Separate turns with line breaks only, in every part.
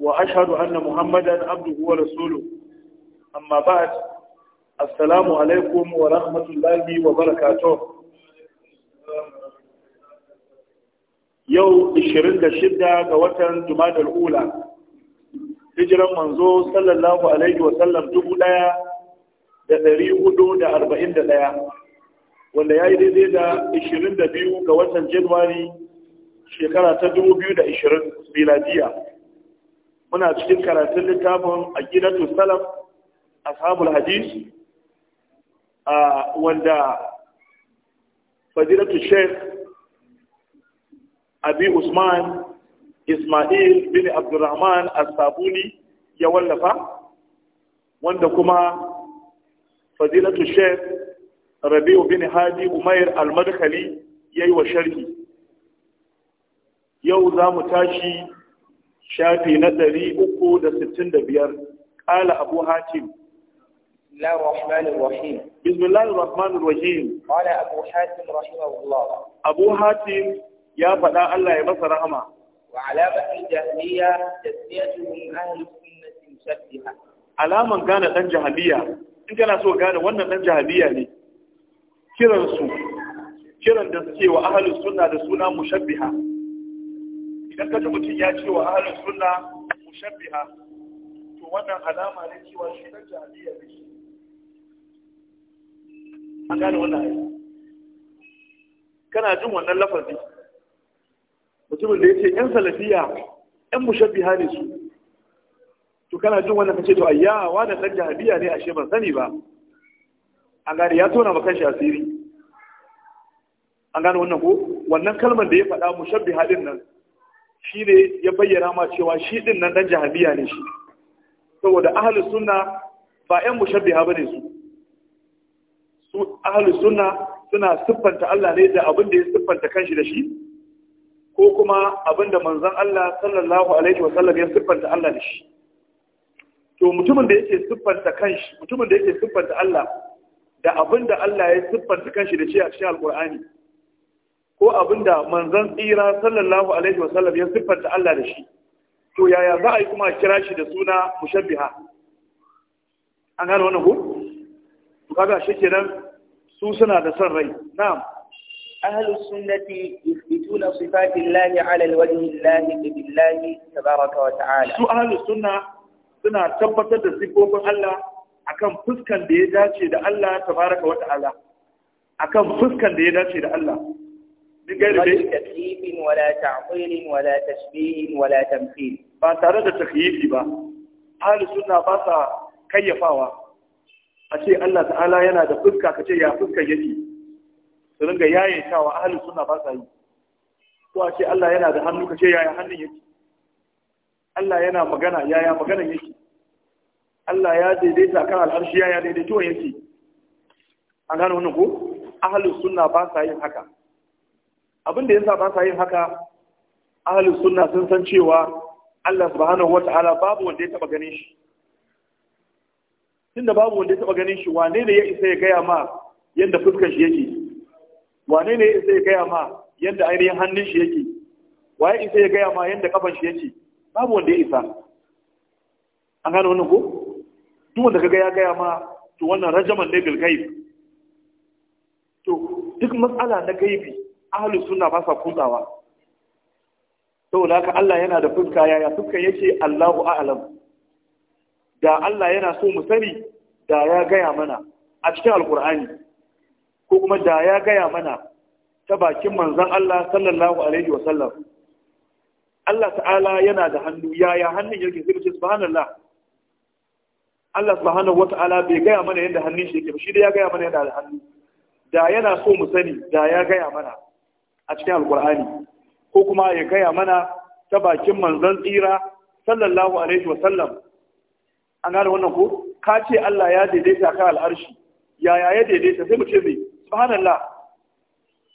وأشهد أن محمدا عبده ورسوله أما بعد السلام عليكم ورحمة الله وبركاته يوم 26 ga watan Jumadal Ula hijiran manzo sallallahu alaihi wa sallam dubu da dari hudu da arba'in da wanda ya yi daidai da ishirin da biyu ga watan Januwari shekara ta dubu miladiya muna cikin karatun littafin aqidatu salaf ashabul hadis a wanda fadilatu sheikh abi usman ismail bin abdurrahman as-sabuni ya wallafa wanda kuma fadilatu sheikh rabi'u bin hadi umair al-madkhali yayi wa sharhi yau za mu tashi shafi na ɗari uku da sittin da biyar ƙala abu hatim بسم الله الرحمن الرحيم بسم الله الرحمن الرحيم قال أبو حاتم رحمه الله أبو حاتم يا فدا الله يا بصر رحمة وعلامة الجهمية تسميتهم أهل السنة مشبهة علامة كان دان جهمية إن كان سو كان وانا دان جهمية لي كيران سو كيران دسكي وأهل السنة دسونا مشبهة idan kaji mutum ya ce wa ahlus mushabbi mushabbiha to wannan alama ne cewa shi na jahiliya ne shi an gane wannan ayi kana jin wannan lafazi mutumin da ya ce yan salafiya yan mushabbiha ne su to kana jin wannan kace to ayya wa da dan jahiliya ne ashe ban sani ba an gane ya tona maka shi asiri an gane wannan ko wannan kalmar da ya faɗa mushabbiha din nan shi ne ya bayyana ma cewa shi din nan dan jahamiya ne shi saboda ahlus sunna ba ƴan mushabbiha bane su su ahlus sunna suna siffanta Allah ne da abin da ya siffanta kanshi da shi ko kuma abin da manzon Allah sallallahu alaihi wa sallam ya siffanta Allah da shi to mutumin da yake siffanta kanshi mutumin da yake siffanta Allah da abin da Allah ya siffanta kanshi da shi a cikin alqur'ani ko abinda manzan tsira sallallahu alaihi wasallam ya siffanta Allah da shi to yaya za a yi kuma a kira shi da suna mushabbiha an gane wannan ko to kaga shikenan su suna da son rai na'am ahlus sunnati yuthbituna sifatillahi ala alwajhi allahi billahi tabaraka wa ta'ala su ahlus sunna suna tabbatar da sifofin Allah akan fuskan da ya dace da Allah tabaraka wa ta'ala akan fuskan da ya dace da Allah بغير تكييف ولا تعطيل ولا تشبيه ولا تمثيل فترى اهل السنه الله تعالى yana da fuska kace ya fuska yake su sunna ba yi ko a ce Allah yana da hannu kace hannun Allah yana magana magana Allah ya daidaita al'arshi ko ba sa yin haka abin da yasa ba sa yin haka ahlus sunna sun san cewa Allah subhanahu wata'ala babu wanda ya taba ganin shi tunda babu wanda ya taba ganin shi wane ne ya isa ya gaya ma yanda fuskar shi yake wane ne ya isa ya gaya ma yanda ainihin hannun shi yake waye isa ya gaya ma yanda kafan shi yake babu wanda ya isa an gano wannan ko duk wanda kaga ya gaya ma to wannan rajaman ne bil to duk matsala na gaibi ahlus suna ba sa kutsawa da haka Allah yana da fuska yaya fuskan yake Allahu a'alam? da Allah yana so mu sani da ya gaya mana a cikin alkur'ani ko kuma da ya gaya mana ta bakin manzan Allah sallallahu alaihi wa sallam Allah ta'ala yana da hannu yaya hannun yake sai ce subhanallah Allah subhanahu wata'ala bai gaya mana yadda hannun shi yake ba shi da ya gaya mana yadda hannu da yana so mu sani da ya gaya mana a cikin alkur'ani ko kuma ya gaya mana ta bakin manzon tsira sallallahu alaihi wasallam an gane wannan ko ka ce Allah ya daidaita ka al'arshi yaya ya daidaita sai mu ce mai subhanallah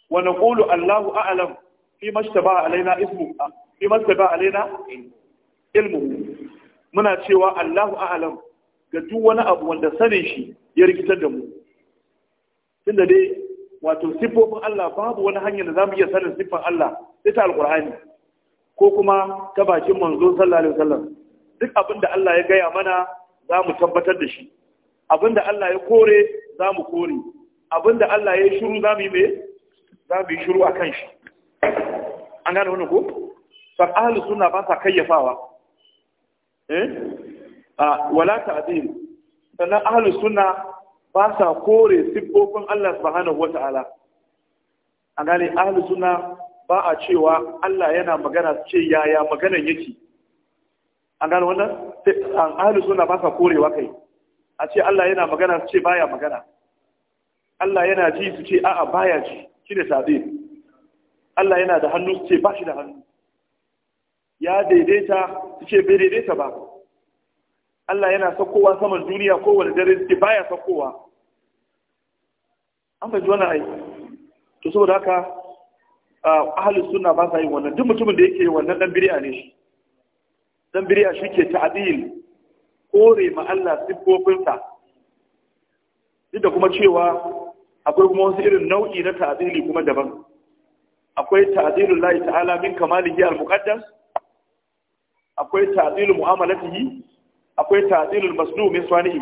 wa naqulu Allahu a'lam fi mashtaba alaina ismu fi mashtaba alaina ilmu muna cewa Allahu a'lam ga duk wani abu wanda sanin shi ya rikitar da mu tunda dai wato siffofin Allah babu wani hanyar da za mu iya sanin siffin Allah ita alkur'ani ko kuma ta bakin manzo sallallahu alaihi wasallam duk abin da Allah ya gaya mana za mu tabbatar da shi abin da Allah ya kore za mu kore abin da Allah ya shiru za mu yi mai za mu yi shiru a kan shi an gane wani ko fa ahli sunna ba sa kayyafawa eh a ah, wala ta'dil sannan ahli sunna ba sa kore siffofin Allah subhanahu ta'ala. a gane ahli suna ba a cewa Allah yana magana ce yaya maganan yake an gane wannan ahli suna ba sa korewa kai a ce Allah yana magana su ce baya magana Allah yana ji su ce a'a baya ji ne sabe Allah yana da hannu su ce ba shi da hannu ya daidaita su ce bai daidaita ba Allah yana sakowa saman duniya kowane dare da baya sakowa. an fahimci wannan ai to saboda haka ahli sunna ba sa yin wannan duk mutumin da yake wannan dan biriya ne shi dan shi ke ta'dil kore ma Allah sifofinsa duk da kuma cewa akwai kuma wasu irin nau'i na ta'dili kuma daban akwai ta'dilul lahi ta'ala min kamalihi al-muqaddas akwai ta'dilu mu'amalatihi akwai ta'dilul masnu min sanihi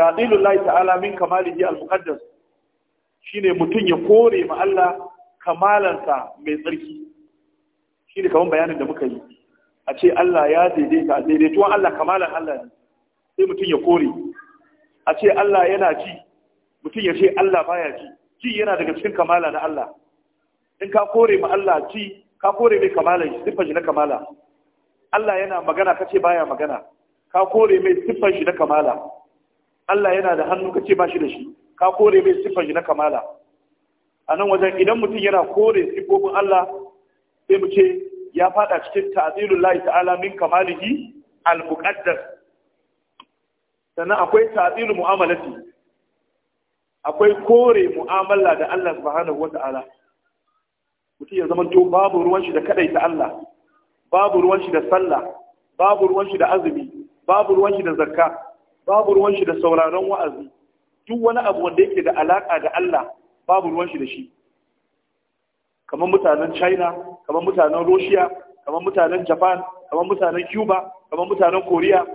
ta'dilul lahi ta'ala min kamalihi al-muqaddas shine mutun ya kore ma Allah kamalansa mai tsarki shine kaman bayanin da muka yi a ce Allah ya daidaita a daidaituwan Allah kamalan Allah ne sai mutun ya kore a ce Allah yana ji mutun ya ce Allah baya ji ji yana daga cikin kamala na Allah in ka kore ma Allah ji ka kore mai kamala sifa shi na kamala Allah yana magana kace baya magana ka kore mai siffar shi na kamala Allah yana da hannu kace ba shi da shi ka kore mai siffar shi na kamala a nan wajen idan mutum yana kore siffofin Allah sai mu ce ya fada cikin ta'zilul lahi ta'ala min kamalihi al-muqaddas sannan akwai ta'zilul mu'amalati akwai kore mu'amala da Allah subhanahu wata'ala mutum ya zama to babu ruwan shi da kadai ta Allah babu ruwan shi da sallah babu ruwan shi da azumi babu ruwan shi da zakka babu ruwan shi da sauraron wa'azi duk wani abu wanda yake da alaka da Allah babu ruwan shi da shi kamar mutanen China kamar mutanen Russia kamar mutanen Japan kamar mutanen Cuba kamar mutanen Korea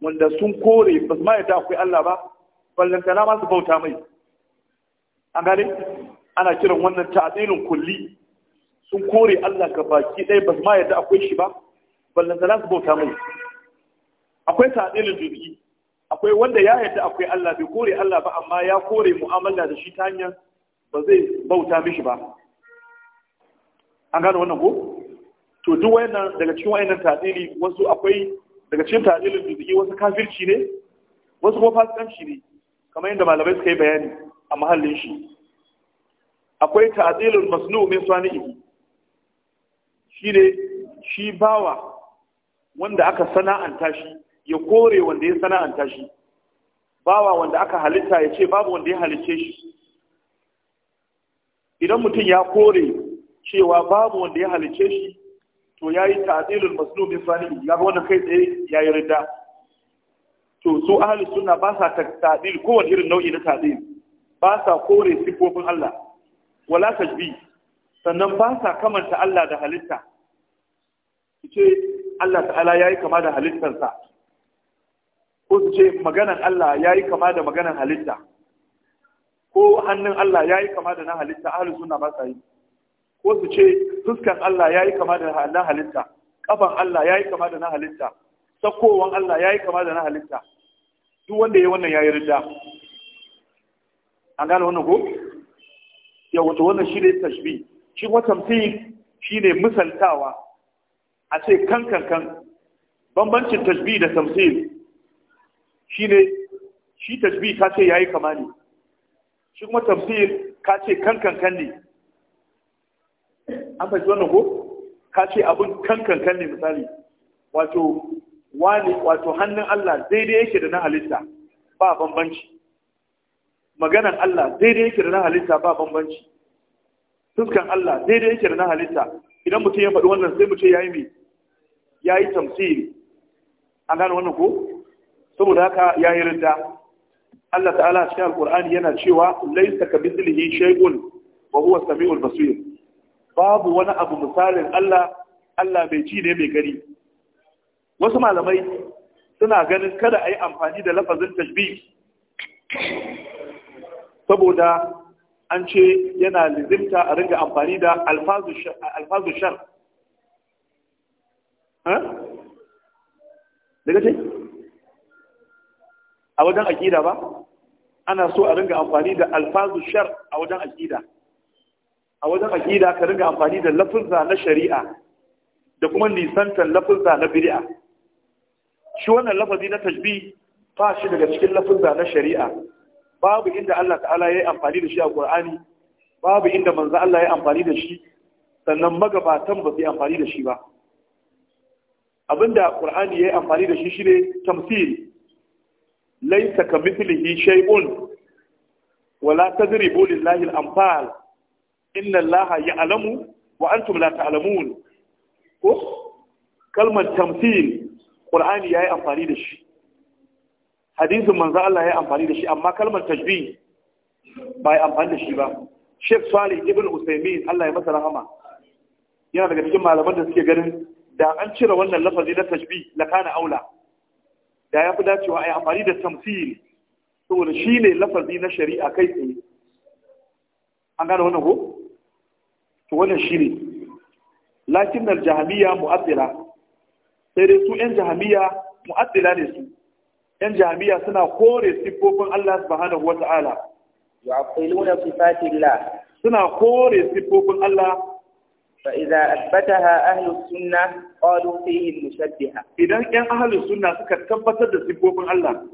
wanda sun kore ba su ma yadda akwai Allah ba ballantana ma su bauta mai an gane ana kiran wannan ta'adilin kulli sun kore Allah ka baki ɗaya ba su ma yadda akwai shi ba ballanta za su bauta mai akwai ta'adilin jirgi akwai wanda ya yadda akwai Allah bai kore Allah ba amma ya kore mu'amala da shi ta hanyar ba zai bauta mishi ba an gano wannan ko to duk wayannan daga cikin wayannan ta'dili wasu akwai daga cikin ta'dilin jirgi wasu kafirci ne wasu kuma fasikanci ne kamar yadda malamai suka yi bayani a mahallin shi akwai ta'dilul masnu min sani'i Shi ne, shi bawa wanda aka sana'anta shi ya kore wanda ya sana'anta shi bawa wanda aka halitta ya ce babu wanda ya halicce shi idan mutum ya kore cewa babu wanda ya halicce shi to ya yi ta'adilul maslumin sani ya ga wanda kai tsaye ya yi rida to su ahli sunna ba sa ta'adil wani irin nau'i na ta'adil ba sa kore sifofin Allah wala tajbi sannan ba sa kamanta Allah da halitta su ce Allah ta'ala ya yi kama da halittarsa ko su ce maganan Allah ya yi kama da maganan halitta ko hannun Allah ya yi kama da na halitta ahalin suna ba sa yi ko su ce fuskan Allah ya yi kama da na halitta kafan Allah ya yi kama da na halitta sakowan Allah ya yi kama da na halitta duk wanda ya yi wannan ya yi rida an gane wannan ko ya wannan shi ne tashbi shi wata shi ne misaltawa a ce kan kan kan bambancin tasbih da tamsil shine shi tasbih ka ce yayi kama ne shi kuma tamsil ka ce kan kan kan ne an fahimci wannan ko ka ce abin kan kan kan ne misali wato wani wato hannun Allah daidai yake da na halitta ba bambanci maganan Allah daidai yake da na halitta ba bambanci fuskan Allah daidai yake da na halitta idan mutum ya faɗi wannan sai mu ce yayi mai ya yi tamsiri an gane wannan ko saboda haka ya yi rinda Allah ta'ala cikin alkur'ani yana cewa laisa ka mislihi shay'un wa huwa samiul basir babu wani abu misalin Allah Allah mai ci ne mai gari wasu malamai suna ganin kada a yi amfani da lafazin tashbih saboda an ce yana lizimta a ringa amfani da alfazu shar daga ce a wajen aƙida ba ana so a ringa amfani da alfazu shar a wajen aƙida a wajen aƙida ka ringa amfani da lafuzza na shari'a da kuma nisantan lafuzza na biri'a. shi wannan lafazi na tajbi ba shi daga cikin lafuzza na shari'a babu inda Allah ta'ala ya yi amfani da shi a kur'ani babu inda manza Allah ya yi amfani da shi sannan magabatan ba su yi amfani da shi ba abinda qur'ani yi amfani da shi shi ne shine Lai saka kamithlihi shay'un wala tadribu bolin al-amthal inna allaha ya'lamu wa antum la ta'lamun ko kalmar tamthil qur'ani yi amfani da shi hadisin manzo Allah ya yi amfani da shi amma kalmar tajbih ba ya amfani da shi ba Sheikh Salih ibn Usaimin Allah ya masa rahama yana daga cikin malaman da suke ganin da an cire wannan lafazi na tashbi la kana aula da ya fi dacewa a yi amfani da tamsil saboda shi ne lafazi na shari'a kai tsaye an gane wannan ko to wannan shi ne lakin da jahamiya mu'addila sai dai su yan jahamiya mu'addila ne su yan jahamiya suna kore siffofin Allah subhanahu wata'ala ya'qiluna sifatillah suna kore siffofin Allah فإذا أثبتها أهل السنة قالوا فيه المشبهة إذا كان أهل السنة سكت تبت تسبوب الله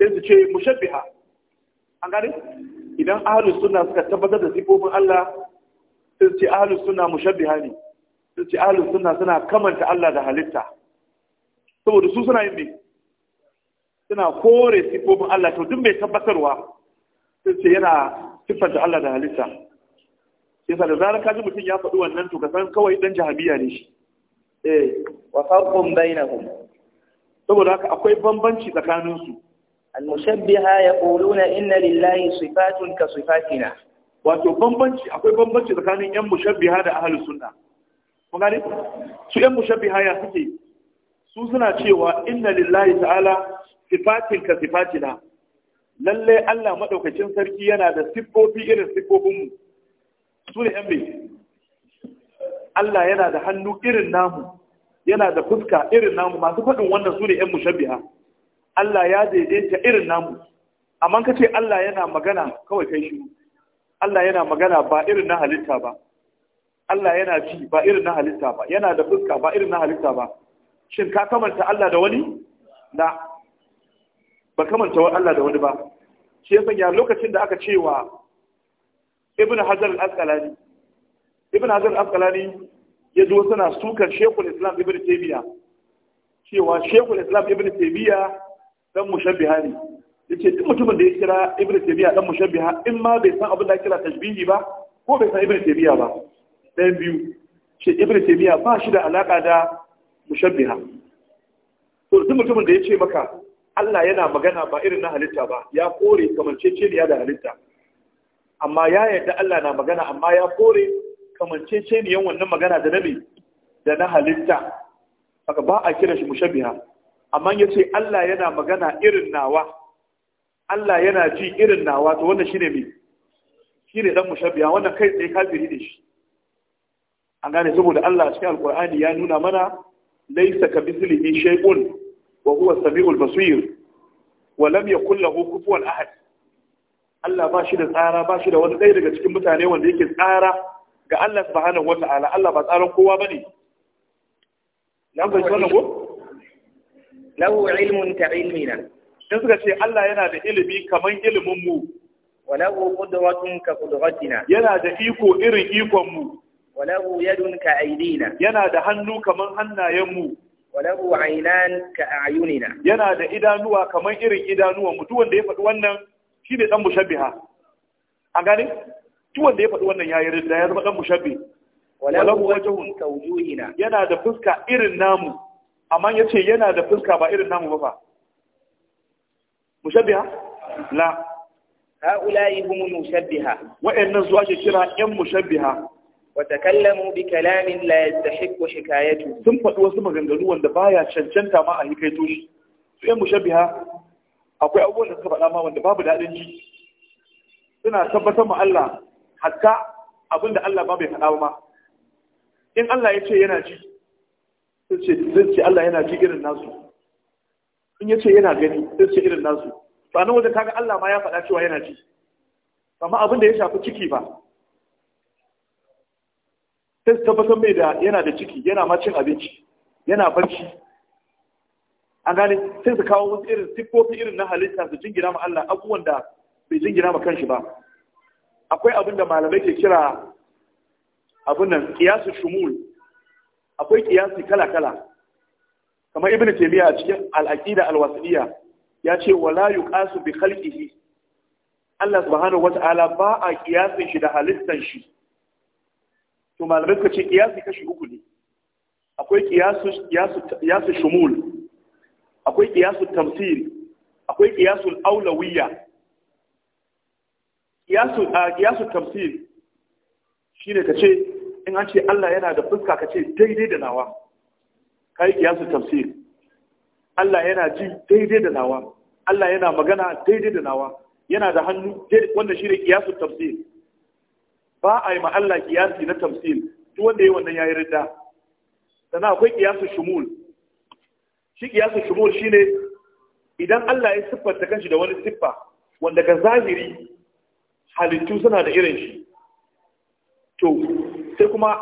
إذا شيء مشبهة أنقري إذا أهل السنة سكت تبت تسبوب الله إذا أهل السنة مشبهة ني إذا أهل السنة سنة كمن الله ده لتا سوى رسول سنة yin سنة كوري kore sifofin Allah to duk mai tabbatarwa sai yana siffanta Allah da halitta yasa da zarar ka ji mutum ya faɗi wannan to ka san kawai dan jahabiya ne shi eh wa farqun bainahum saboda haka akwai bambanci tsakanin su al-mushabbiha yaquluna inna lillahi sifatun ka sifatina wato bambanci akwai bambanci tsakanin yan mushabbiha da ahlus sunna kun gane su yan mushabbiha ya suke su suna cewa inna lillahi ta'ala sifatin ka sifatina lalle Allah madaukakin sarki yana da siffofi irin siffofin mu Sune ne 'yan Allah yana da hannu irin namu yana da fuska irin namu masu faɗin wannan su ne 'yan mushabbiha Allah ya daidaita irin namu amma ka ce Allah yana magana kawai kai shi Allah yana magana ba irin na halitta ba Allah yana ci ba irin na halitta ba yana da fuska ba irin na halitta ba shin ka kamanta Allah da wani na ba kamanta Allah da wani ba shi ya sanya lokacin da aka cewa ibn hajar al-asqalani ibn hajar al-asqalani ya zo suna sukar shekul islam ibn taymiya cewa shekul islam ibn taymiya dan mushabbiha ne yace duk mutumin da ya kira ibn taymiya dan mushabbiha in ma bai san abin da kira tashbihi ba ko bai san ibn taymiya ba dan biyu ce ibn taymiya ba shi da alaka da mushabbiha to duk mutumin da ya ce maka Allah yana magana ba irin na halitta ba ya kore kamanceceniya da halitta amma ya yarda Allah na magana amma ya kore kamanceceniyan wannan magana da nabi da na halitta haka ba a kira shi mushabbiha amma ya ce Allah yana magana irin nawa Allah yana ji irin nawa to wannan shine me shine dan mushabbiha wannan kai tsaye kafiri ne shi an gane saboda Allah cikin alqur'ani ya nuna mana laysa kabithlihi shay'un wa huwa samiul basir wa lam yakul lahu kufuwan ahad Allah ba shi da tsara ba shi da wani ɗaya daga cikin mutane wanda yake tsara ga Allah subhanahu wa ta'ala Allah ba tsaron kowa ba bane na ba shi wannan ko lahu ilmun ka ilmina sai suka ce Allah yana da ilimi kamar ilimin mu wa lahu qudratun ka qudratina yana da iko irin ikon mu wa lahu yadun ka aidina yana da hannu kamar hannayen mu wa lahu aynan ka ayunina yana da idanuwa kamar irin idanuwan mu duk wanda ya faɗi wannan shi ne ɗan mushabbi ha a gani ciwon da ya faɗi wannan yayin rinda ya zama ɗan mushabbi walahu wajhun kawjuhina yana da fuska irin namu amma yace yana da fuska ba irin namu ba fa mushabbi ha la haulai hum mushabbiha wa in nasu ake kira yan mushabbiha wa takallamu bi kalamin la yastahiqu shikayatu sun faɗi wasu maganganu wanda baya cancanta ma a hikaito shi su yan mushabbiha akwai abubuwan da suka faɗa ma wanda babu daɗin ji suna tabbatar ma Allah hatta abin da Allah ba bai faɗa ma in Allah ya ce yana ji sai ce Allah yana ji irin nasu in ya ce yana gani sai ce irin nasu ba nan wajen kaga Allah ma ya faɗa cewa yana ji amma abin da ya shafi ciki ba sai tabbatar mai da yana da ciki yana ma cin abinci yana barci an gane sai su kawo wasu irin siffofi irin na halitta su jingina ma Allah abubuwan da bai jingina ma kanshi ba akwai abin da malamai ke kira abin nan kiyasu shumul akwai kiyasi kala-kala kamar ibn taymiya a cikin al-aqida al wasiliya ya ce wala yuqasu bi khalqihi Allah subhanahu wata'ala ba a kiyasin shi da halittan shi to malamai suka ce kiyasi kashi uku ne akwai kiyasu kiyasu shumul akwai qiyasul tamthil akwai qiyasul aulawiyya qiyasul qiyasul tamthil shine kace in an ce Allah yana da fuska kace daidai da nawa kai qiyasul tamthil Allah yana ji daidai da nawa Allah yana magana daidai da nawa yana da hannu wannan shine qiyasul tamthil ba a yi ma Allah kiyasi na tamthil duk wanda yayi wannan yayi ridda sannan akwai qiyasul shumul shi kiyasu shumul ne, idan Allah ya siffanta kanshi da wani siffa wanda ga zahiri halittu suna da irin shi to sai kuma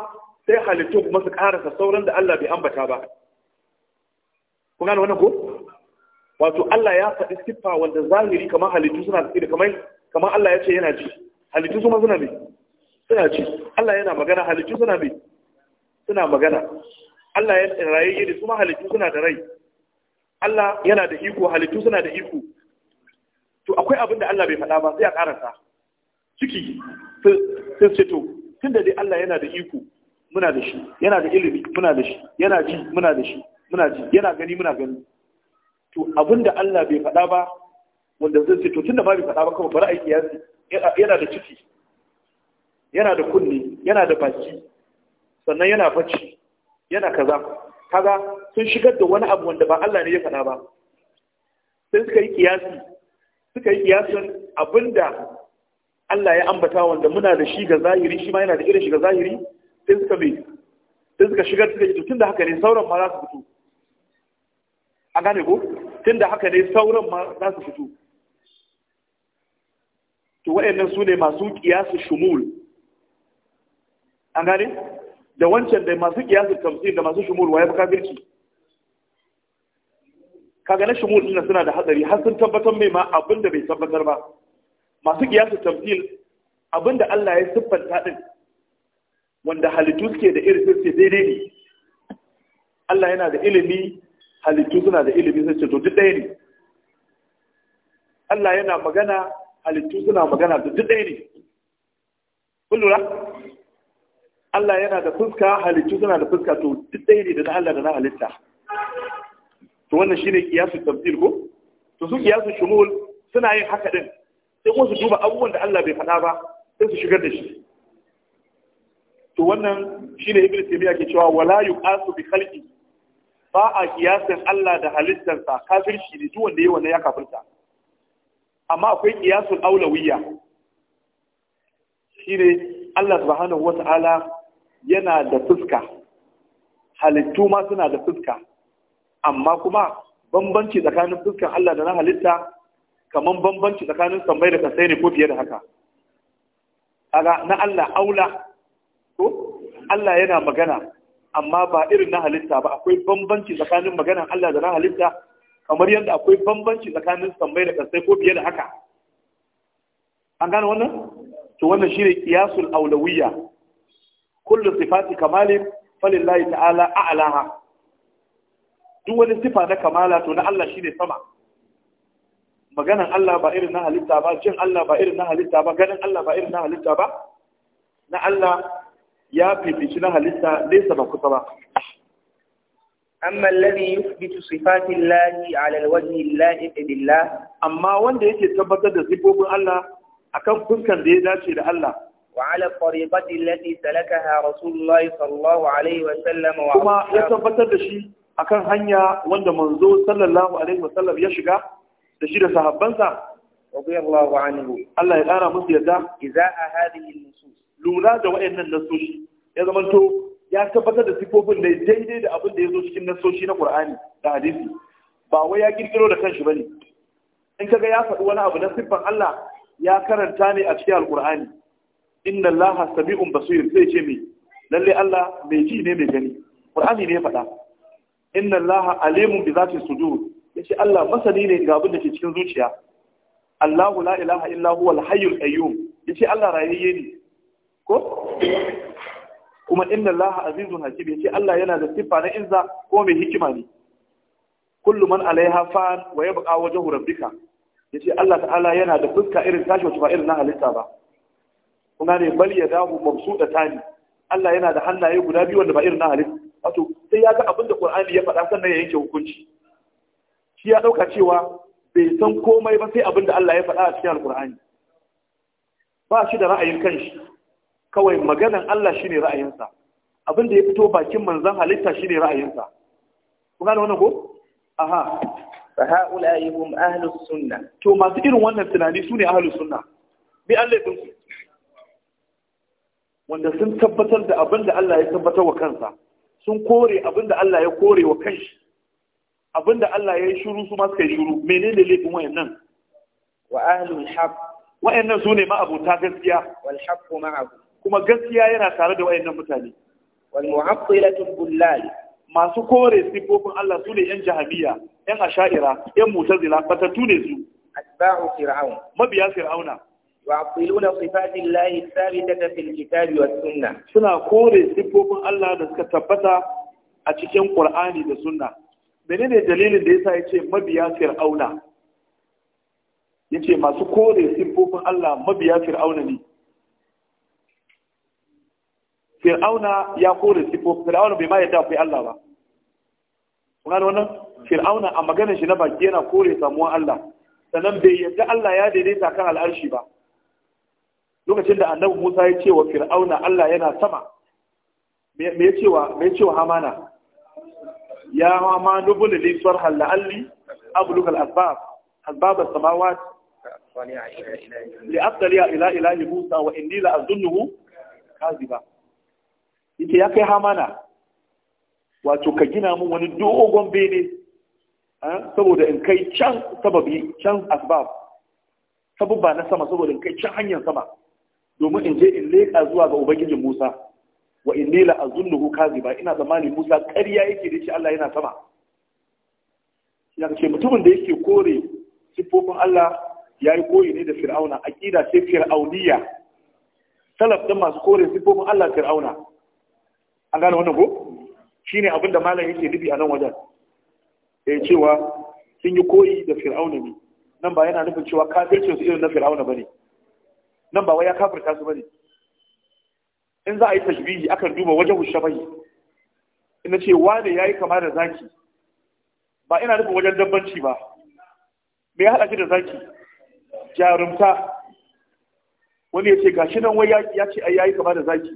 sai halittu kuma su karasa sauran da Allah bai ambata ba kun gane wannan ko wato Allah ya faɗi siffa wanda zahiri kamar halittu suna da kamar kamar Allah ya ce yana ji halittu kuma suna ne suna ci Allah yana magana halittu suna ne suna magana Allah ya raye ne kuma halittu suna da rai Allah yana da iko halittu suna da iko to akwai abin da Allah bai faɗa ba sai a karanta ciki sai ce to tunda dai Allah yana da iko muna da shi yana da ilimi muna da shi yana ji muna da shi muna ji yana gani muna gani to abin da Allah bai faɗa ba wanda zai ce to tunda ba bai faɗa ba kawai bari a yi kiyasi yana da ciki yana da kunne yana da baki sannan yana bacci yana kaza kaga sun shigar da wani abu wanda ba Allah ne ya faɗa ba sai suka yi kiyasi suka yi kiyasin abinda Allah ya ambata wanda muna da shi ga zahiri shi ma yana da irin shi ga zahiri sai suka mai sai suka shigar suka yi tunda haka ne sauran ma za su fito A gane ko tunda haka ne sauran ma za su fito to wa'annan su ne masu kiyasu shumul an gane da wancan da masu kiyasu tamsir da masu shumul waye kafirci kaga na shumul din suna da hatsari har sun tabbatar mai ma abinda bai tabbatar ba masu kiyasu tamsir abinda Allah ya siffanta din wanda halittu suke da irin sai daidai ne Allah yana da ilimi halittu suna da ilimi sai to duk ɗaya ne Allah yana magana halittu suna magana duk ɗaya ne kun lura Allah yana da fuska halittu suna da fuska to duk ɗaya ne da na Allah da na halitta to wannan shine kiyasu tafsir ko to su kiyasu shumul suna yin haka din sai kuma su duba abubuwan da Allah bai faɗa ba sai su shigar da shi to wannan shine ibnu taymiya ke cewa wala yuqasu bi khalqi ba a kiyasin Allah da halittarsa kafirci ne duk wanda yayi wannan ya kafirta amma akwai kiyasul aulawiyya shine Allah subhanahu ta'ala yana da fuska halittu ma suna da fuska amma kuma bambanci tsakanin fuskan Allah da na halitta kamar bambanci tsakanin sammai da kasai ne ko fiye da haka aga na Allah aula ko Allah yana magana amma ba irin na halitta ba akwai bambanci tsakanin maganar Allah da na halitta kamar yadda akwai bambanci tsakanin sammai da kasai ko fiye da haka an gane wannan to wannan shine qiyasul aulawiyya kullu sifati kamalin falillahi ta'ala a'laha duk wani sifa na kamala to na Allah shine sama maganan Allah ba irin na halitta ba jin Allah ba irin na halitta ba ganin Allah ba irin na halitta ba na Allah ya fifici na halitta nesa ba kusa ba amma alladhi yuthbitu sifati llahi ala alwajhi allahi amma wanda yake tabbatar da sifofin Allah akan fuskan da ya dace da Allah وعلى الطريقة التي سلكها رسول الله صلى الله عليه وسلم كما يثبت شيء akan hanya wanda manzo sallallahu alaihi wasallam ya shiga da shi da sahabbansa radiyallahu anhu Allah ya kara musu yadda izaa hadhihi nusus lura da wayannan nasoshi ya zamanto ya tabbatar da sifofin da daidai da abin da yazo cikin nasoshi na Qur'ani da hadisi ba wai ya kirkiro da kanshi bane in kaga ya faɗi wani abu na siffan Allah ya karanta ne a cikin Al-Qur'ani inna allaha sami'un basir zai ce me lalle Allah mai ji ne mai gani qur'ani ne ya faɗa inna allaha alimun bi zati sudur yace Allah masani ne ga abin da ke cikin zuciya Allahu la ilaha illa huwa al-hayyul qayyum yace Allah rayayye ne ko kuma inna allaha azizun hakim yace Allah yana da siffa na inza, ko mai hikima ne kullu man alaiha fan wa yabqa wajhu rabbika yace Allah ta'ala yana da fuska irin tashi wacce irin na halitta ba kuma ne bal ya dahu mabsuda tani Allah yana da hannaye guda biyu wanda ba irin na halitta wato sai ya ga abin da Qur'ani ya faɗa sannan ya yanke hukunci shi ya dauka cewa bai san komai ba sai abin da Allah ya faɗa a cikin Al-Qur'ani ba shi da ra'ayin kanshi kawai maganan Allah shine ra'ayinsa abin da ya fito bakin manzon halitta shine ra'ayinsa kun gane wannan ko aha fa ha'ula'i hum ahlus sunnah to masu irin wannan tunani sune ahlus sunnah bi Allah dinku wanda sun tabbatar da abin da Allah ya tabbatar wa kansa sun kore abin da Allah ya kore wa kanshi abin da Allah ya yi shuru su masu kai shuru menene laifin wayannan wa ahlul haq wayannan su ne ma'abuta gaskiya wal haqqu ma'ahu kuma gaskiya yana tare da nan mutane wal mu'attilatu bullal masu kore sifofin Allah su ne yan jahabiya yan asha'ira yan mutazila batatu ne su asba'u fir'aun mabiya fir'auna ويعطلون صفات الله الثابتة في الكتاب والسنة سنة كوري سبوب الله tabbata a cikin قرآني da sunna. menene dalilin da yasa yace mabiya fir'auna yace masu kore siffofin Allah mabiya fir'auna ne fir'auna ya kore siffofin fir'auna bai ma yadda akwai Allah ba kuna da wannan fir'auna a maganar shi na baki yana kore samuwar Allah sannan bai yadda Allah ya daidaita kan al'arshi ba lokacin da annabi Musa ya ce wa Fir'auna Allah yana sama me ya wa me ya wa Hamana ya Hamana bul li sarhal la'alli ablugh al-asbab asbab as-samawat li ila ilahi Musa wa inni la azunnuhu kaziba yake ya kai Hamana wato ka gina mun wani dogon bene eh, saboda in kai can sababi can asbab sababba na sama saboda in kai can hanyar sama domin in je in leƙa zuwa ga ubangijin Musa wa in a la kazi ba, ina tsammani Musa ƙarya yake da shi Allah yana sama Ya ce mutumin da yake kore siffofin Allah ya yi koyi ne da fir'auna aƙida ce fir'auniya salaf ɗin masu kore siffofin Allah fir'auna an gane wannan ko shi ne abin da malam yake nufi a nan wajen ya cewa sun yi koyi da fir'auna ne nan ba yana nufin cewa kafircinsu su irin na fir'auna ba ne nan ba wai ya kafirta su bane in za a yi tashbihi akan duba wajen shabahi ina ce wane yayi kama da zaki ba ina nufin wajen dabbanci ba me ya hada shi da zaki jarumta wani ya ce gashi nan wai ya ce ai yayi kama da zaki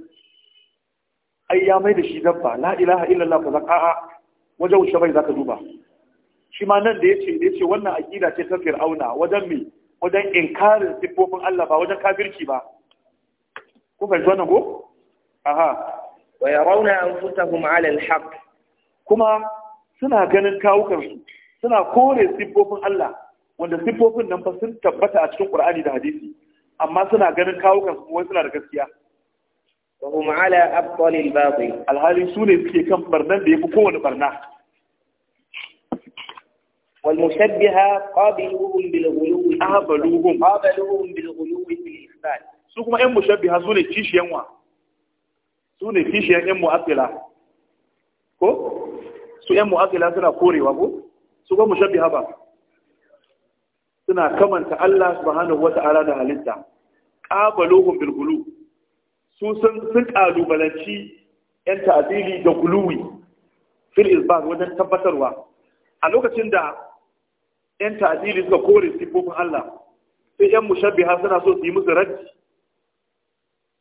ai ya mai da shi dabba la ilaha illallah zaka a wajen shabahi zaka duba shi ma nan da yace da yace wannan aqida ce ta fir'auna wajen me wajen inkarin siffofin Allah ba wajen kafirci ba ku fahimci wannan ko aha wa yarawna anfusahum ma'alin alhaq kuma suna ganin kawukan su suna kore siffofin Allah wanda siffofin nan fa sun tabbata a cikin ƙur'ani da hadisi amma suna ganin kawukan su wai suna da gaskiya wa hum ala abdalil batil alhali su ne suke kan barnan da yafi kowane barna والمشبهة قابلوهم بالغلو قابلوهم قابلوهم بالغلو في الإخبار su kuma 'yan mushabbiha su ne kishiyan wa su ne kishiyan 'yan mu'akkila ko su 'yan mu'akkila suna korewa ko su kuma mushabbiha ba suna kamanta Allah subhanahu ala da halitta qabaluhum bil gulu su sun sun kalubalanci 'yan ta'dili da guluwi fil isbat wajen tabbatarwa a lokacin da yan ta'dili suka kore sifofin Allah sai yan mushabbiha suna so su yi musu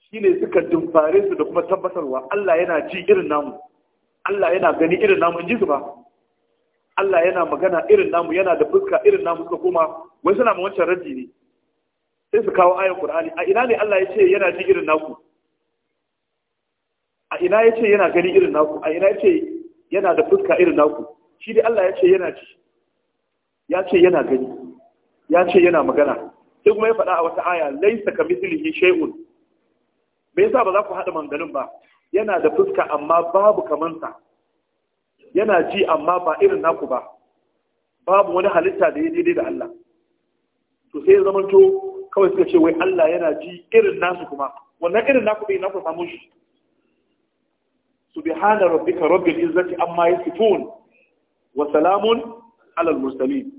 Shi ne suka dumfare su da kuma tabbatarwa Allah yana ci irin namu Allah yana gani irin namu in ji su ba Allah yana magana irin namu yana da fuska irin namu suka koma wai suna ma wancan ne sai su kawo ayan Kur'ani, a ina ne Allah ya ce yana ji irin naku a ina ya ce yana gani irin naku a ina ya ce yana da fuska irin naku shi dai Allah ya ce yana ci, ya ce yana gani ya ce yana magana sai kuma ya faɗa a wata aya laisa ka mislihi shay'un me yasa ba za ku haɗa manganin ba yana da fuska amma babu kamansa yana ji amma ba irin naku ba babu wani halitta da ya daidai da Allah to sai ya zamanto kawai suka ce wai Allah yana ji irin nasu kuma wannan irin naku bai naku samu shi subhana rabbika rabbil izzati amma yasifun wa salamun alal mursalin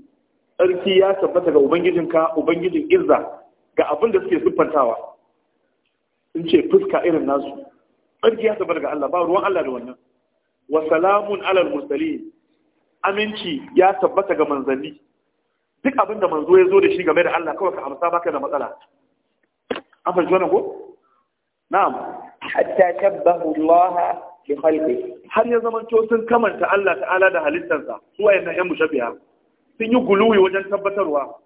tsarki ya tabbata ga ka ubangijin irza ga abin da suke siffantawa in ce fuska irin nasu tsarki ya tabbata ga Allah ba ruwan Allah da wannan wa salamun alal mursali aminci ya tabbata ga manzanni duk abin da manzo ya zo da shi game da Allah kawai ka amsa baka da matsala an fahimci wannan ko na'am hatta shabbahu Allah bi khalqi har ya zaman to sun kamanta Allah ta'ala da halittarsa su wayannan yan mushabiya sun yi guluwi wajen tabbatarwa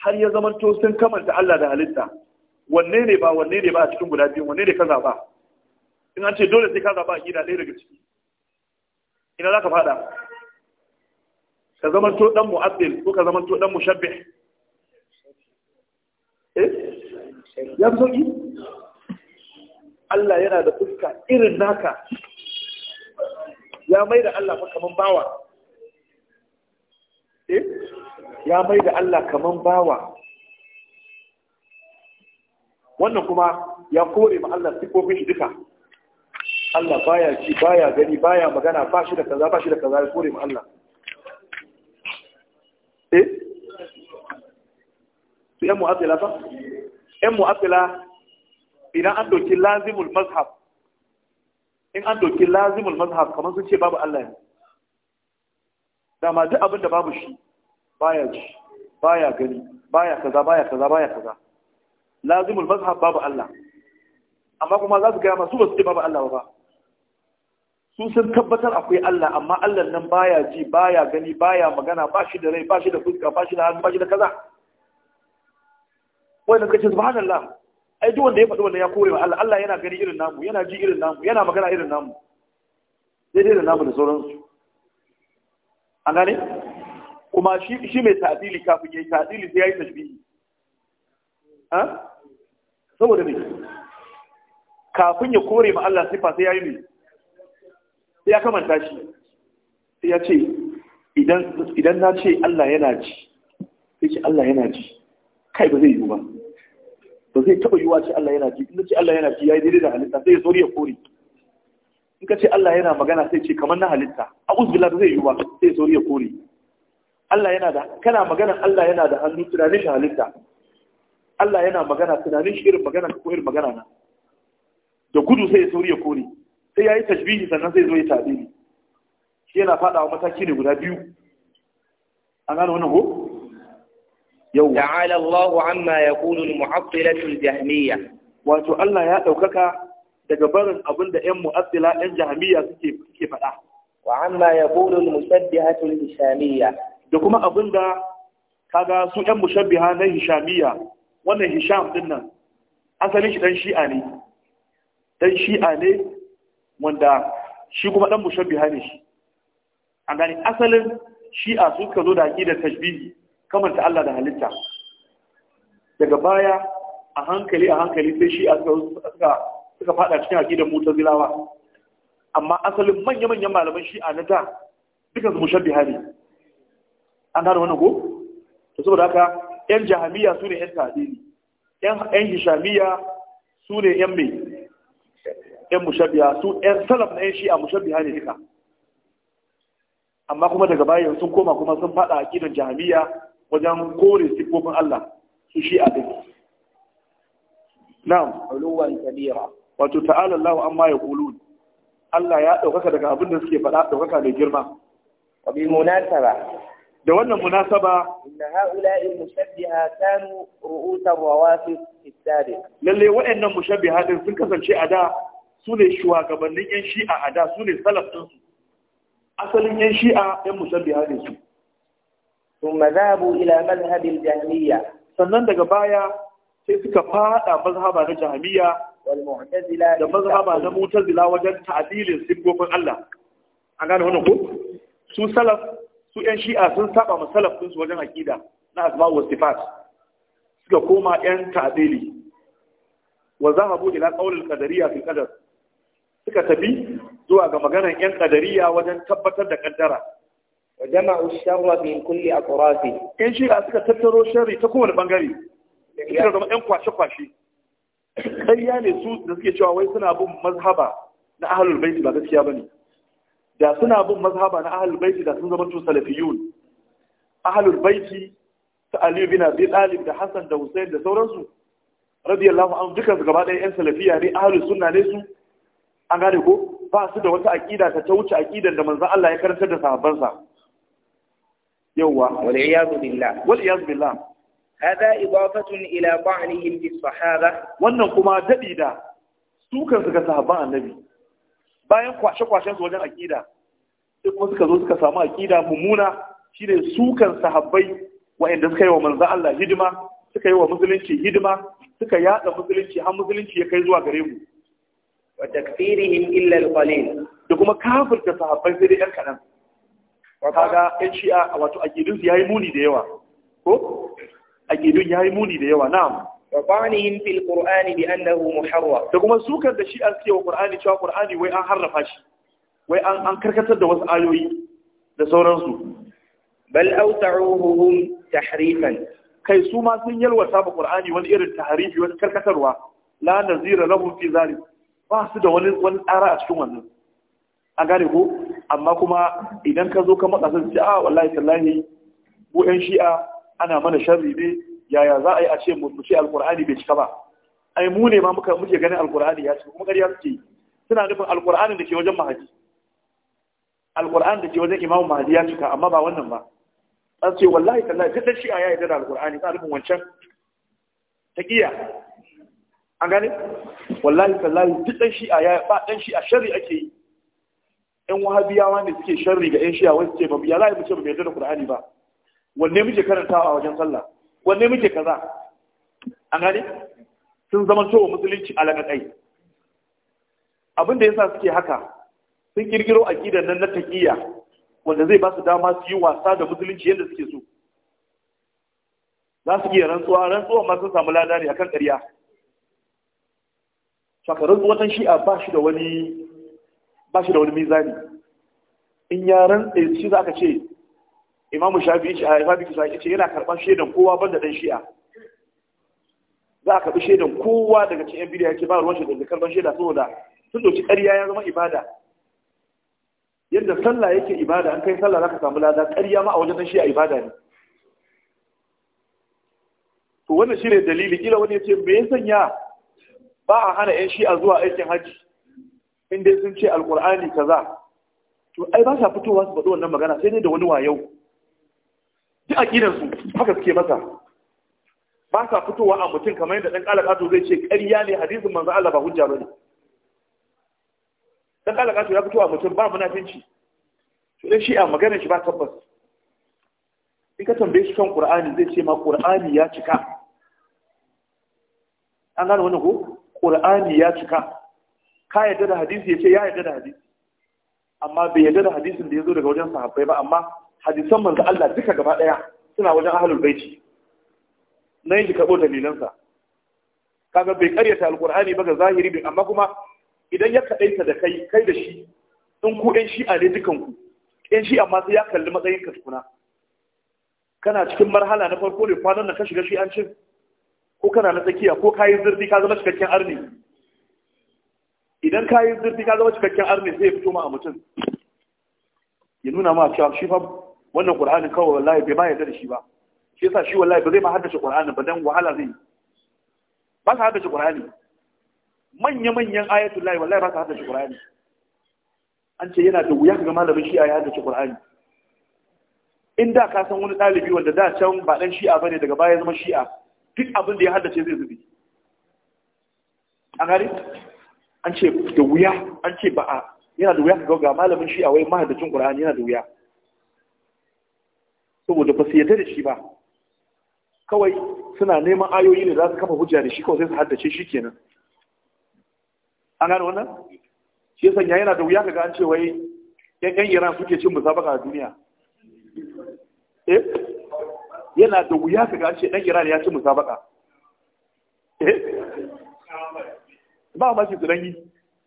har ya zamanto sun kamanta Allah da halitta wanne ne ba wanne ne ba a cikin guda biyu wanne ne ka zaba in an ce dole sai ka zaba a gida ɗaya daga ciki ina za ka fada ka zamanto dan mu'addil ko ka zamanto dan mushabbih eh ya fi sauki Allah yana da fuska irin naka ya mai da Allah makaman bawa Eh? ya mai da Allah kaman bawa wannan kuma ya kore ma Allah sifofin shi duka Allah baya ci baya gani baya magana ba shi da kaza ba shi da kaza ya kore ma Allah eh yan mu'attila ba yan mu'attila idan an doki lazimul mazhab in an doki lazimul mazhab kamar sun ce babu Allah ne dama duk abin da babu shi baya ji baya gani baya kaza baya kaza baya kaza lazimul mazhab babu Allah amma kuma za su gaya masu ba su ji babu Allah ba su sun tabbatar akwai Allah amma Allah nan baya ji baya gani baya magana ba shi da rai ba shi da fuska ba shi da hannu ba shi da kaza wai da kace subhanallah ai duk wanda ya faɗi wanda ya kore wa Allah Allah yana gani irin namu yana ji irin namu yana magana irin namu daidai da namu da sauransu an gane kuma shi mai ta'dili kafin yayi ta'dili sai yayi tashbihi ha saboda me kafin ya kore ma Allah sifa sai yayi ne, sai ya kamanta shi sai ya ce idan na ce Allah yana ji sai ce Allah yana ji kai ba zai yi ba ba zai taba yiwa ce Allah yana ji in ce Allah yana ji yayi daidai da halitta sai ya zo ya kore in ka ce Allah yana magana sai ce kamar na halitta a'udhu billahi zai yi ba sai so ya kore Allah yana da kana magana Allah yana da hannu tunanin shi halitta Allah yana magana tunanin shi irin magana ko irin magana na da gudu sai ya sauri ya kore sai ya yi tashbihi sannan sai zo ya tabe ni shi yana fadawa mataki ne guda biyu an gano wannan ko yau ta'ala Allah amma yaqulu al-mu'attilatu al-jahmiyya wato Allah ya daukaka daga barin abin da ‘yan mu'assila ‘yan jami'a suke faɗa. Wa amma ya hulun mushabbihatul hishamiyya. Da kuma abin da kaga su ‘yan mushabbiha na hishamiyya wannan hisham ɗin nan asalin shi ɗan shi'a ne. Ɗan shi'a ne wanda shi kuma ɗan mushabbiha ne shi. A gani asalin shi'a su ka zo da da tashbihi kamar ta Allah da halitta. Daga baya a hankali a hankali sai shi'a suka suka fada cikin aqidar mutazilawa amma asalin manya-manyan malaman shi'a na da duka su mushabbiha ne an gane wannan ko to saboda haka yan jahamiya su ne yan tadili yan hishamiya su ne yan mai yan mushabbiha su yan salaf na yan shi'a mushabbiha ne duka amma kuma daga bayan sun koma kuma sun fada aqidar jahamiya wajen kore sifofin Allah su shi'a din na'am ulwan kabira wato ta'ala Allahu amma ya kulu Allah ya ɗaukaka daga abin da suke faɗa ɗaukaka mai girma wa bi munasaba da wannan munasaba inna ha'ula'i mushabbiha kanu ru'usan rawafid istabi lalle waɗannan mushabbiha din sun kasance a da su ne shugabannin yan shi'a a da su ne salaf din su asalin yan shi'a yan mushabbiha ne su thumma dhahabu ila madhhabil jahmiyya sannan daga baya sai suka fada mazhaba na jahmiyya da mazhaba na mutazila wajen ta'dilin siffofin Allah an gane wannan ko su salaf su yan shi'a sun saba ma salaf din su wajen aqida na asma wa sifat suka koma yan ta'dili wa zahabu ila qawl al-qadariyya fi qadar suka tafi zuwa ga maganar yan qadariyya wajen tabbatar da kaddara wa jama'u sharra min kulli atrafi yan shi'a suka tattaro sharri ta kowane bangare da zama yan kwashe-kwashe ƙarya ne su da suke cewa wai suna bin mazhaba na ahalul baiti ba gaskiya bane da suna bin mazhaba na ahalul baiti da sun zama to salafiyun ahalul baiti ta Ali bin Abi Talib da Hassan da Husayn da sauransu radiyallahu anhu su gaba ɗaya yan salafiya ne ahalul sunna ne su an gane ko ba su da wata aqida ta wuce aqidan da manzon Allah ya karantar da sahabbansa yawwa wal iyad billah wal iyad billah hada ibafatun ila ba'nihim bis sahaba wannan kuma daɗi da su kan suka sahabban annabi bayan kwashe kwashen su wajen aƙida, sai kuma suka zo suka samu aƙida, mummuna shine su kan sahabbai wa'anda suka yi wa manzo Allah hidima suka yi wa musulunci hidima suka yada musulunci har musulunci ya kai zuwa gare mu wa takfirihim illa al-qalil da kuma kafirta sahabbai sai dai yan kaɗan. kaga ƴan shi'a wato aqidun ya yi muni da yawa ko ya yayi muni da yawa na'am wa qanihim fil qur'ani bi annahu muharram da kuma sukar da shi an cewa qur'ani cewa qur'ani wai an harrafa shi wai an an karkatar da wasu ayoyi da sauransu bal awta'uhum tahrifan kai su ma sun yalwata ba qur'ani wani irin tahrifi wani karkatarwa la nazira lahum fi zalik ba su da wani wani tsara a cikin wannan an gane ko amma kuma idan ka zo ka matsa sun ce a ah, wallahi tallahi mu shi'a ana mana sharri ne yaya za a yi a ce mu ce alkur'ani bai cika ba ai mu ne ma muka muke ganin alkur'ani ya cika kuma ƙarya suke suna nufin alkur'ani da ke wajen mahadi alkur'ani da ke wajen imamu mahadi ya cika amma ba wannan ba an ce wallahi tallahi duk dan shi'a ya yarda da alqur'ani ta nufin wancan taqiya an gane wallahi tallahi duk dan shi'a ya ba dan shi'a sharri ake yi ɗan wahabiyawa ne suke sharri ga ƴan shi'a wasu ce ba ya layi mu ce ba mai da alkur'ani ba wanne muke karantawa a wajen sallah wanne muke kaza an gane sun zama towa musulunci alaƙaƙai abin da yasa suke haka sun ƙirƙiro aƙidar nan na taƙiyya wanda zai ba su dama su yi wasa da musulunci yadda suke so za su iya rantsuwa rantsuwa ma sun samu lada akan ƙarya shakarun watan shi'a ba shi da wani ba shi da wani mizani in ya rantsa shi za ka ce imamu shafi'i a imamu shafi'i ce yana karɓar shaidan kowa ban da ɗan shi'a za a karɓi shaidan kowa daga cikin yan bidiya ke ba ruwan shaidan da karɓar shaida saboda sun doki ƙarya ya zama ibada yadda sallah yake ibada an kai sallah zaka samu lada ƙarya ma a wajen ɗan shi'a ibada ne to wannan shine dalili kila wani ya ce me ya sanya ba a hana yan shi'a zuwa aikin hajji in dai sun ce alƙur'ani kaza to ai ba sa fitowa su faɗi wannan magana sai dai da wani wayau a aƙidansu haka suke masa ba sa fitowa a mutum kamar yadda ɗan ƙalaƙato zai ce ƙarya ne hadisin manzan Allah ba hujja bane ɗan ƙalaƙato ya fito a mutum ba munafinci to dai shi a maganar shi ba tabbas in ka tambaye shi kan Qur'ani zai ce ma Qur'ani ya cika an gane wani ko Qur'ani ya cika ka yadda da hadisi ya ce ya yadda da hadisi amma bai yadda da hadisin da ya zo daga wajen sahabbai ba amma hadisan manzo Allah duka gaba daya suna wajen ahlul baiti duka shi karɓo sa kaga bai karyata alqur'ani ba ga zahiri bin amma kuma idan ya kadaita da kai kai da shi in ku ɗan a ne dukanku ɗan shi amma sai ya kalli matsayin ka tukuna kana cikin marhala na farko ne kwanan nan ka shiga shi an cin? ko kana na tsakiya ko ka yi zurfi ka zama cikakken arni idan ka yi zurfi ka zama cikakken arni ya fito ma a mutum ya nuna ma cewa shi fa wannan qur'anin kawai wallahi bai ma yarda da shi ba shi yasa shi wallahi ba zai ma haddace qur'anin ba dan wahala zai ba sa haddace qur'ani manya manyan ayatul lahi wallahi ba sa haddace qur'ani an ce yana da wuya kaga malamin shi ya haddace qur'ani in da ka san wani ɗalibi wanda da can ba ɗan shi'a bane daga baya zama shi'a duk abin da ya haddace zai zubi a gari an ce da wuya an ce ba a yana da wuya ga malamin shi'a wai mahaddacin qur'ani yana da wuya saboda ba su yadda da shi ba kawai suna neman ayoyi ne za su kafa hujja da shi kawai sai su haddace shi kenan an gane wannan shi sanya yana da wuya ga an cewa yan yan iran suke cin musabaka a duniya eh yana da wuya ga an ce dan iran ya ci musabaka eh ba ma shi tunani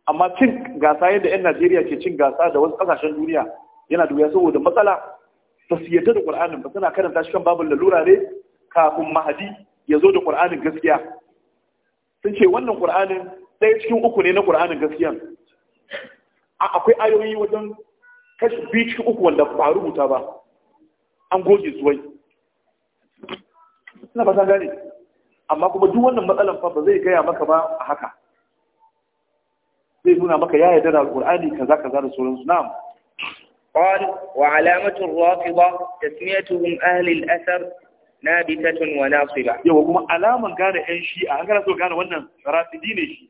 amma cin gasa yadda yan najeriya ke cin gasa da wasu kasashen duniya yana da wuya saboda matsala ba su yadda da qur'anin ba suna karanta shi kan babu lalura ne kafin mahadi ya zo da ƙur'anin gaskiya sun ce wannan ƙur'anin ɗaya cikin uku ne na ƙur'anin gaskiya akwai ayoyi wajen kashi biyu cikin uku wanda ba rubuta ba an goge zuwai suna ba gane amma kuma duk wannan matsalan fa ba zai gaya maka ba a haka zai nuna maka ya yarda da alƙur'ani kaza kaza da sauransu na'am قال وعلامة الرافضة تسميتهم أهل الأثر نابتة وناصبة يوم علامة قال إن شيء هكذا سو كان ونن رافضين شيء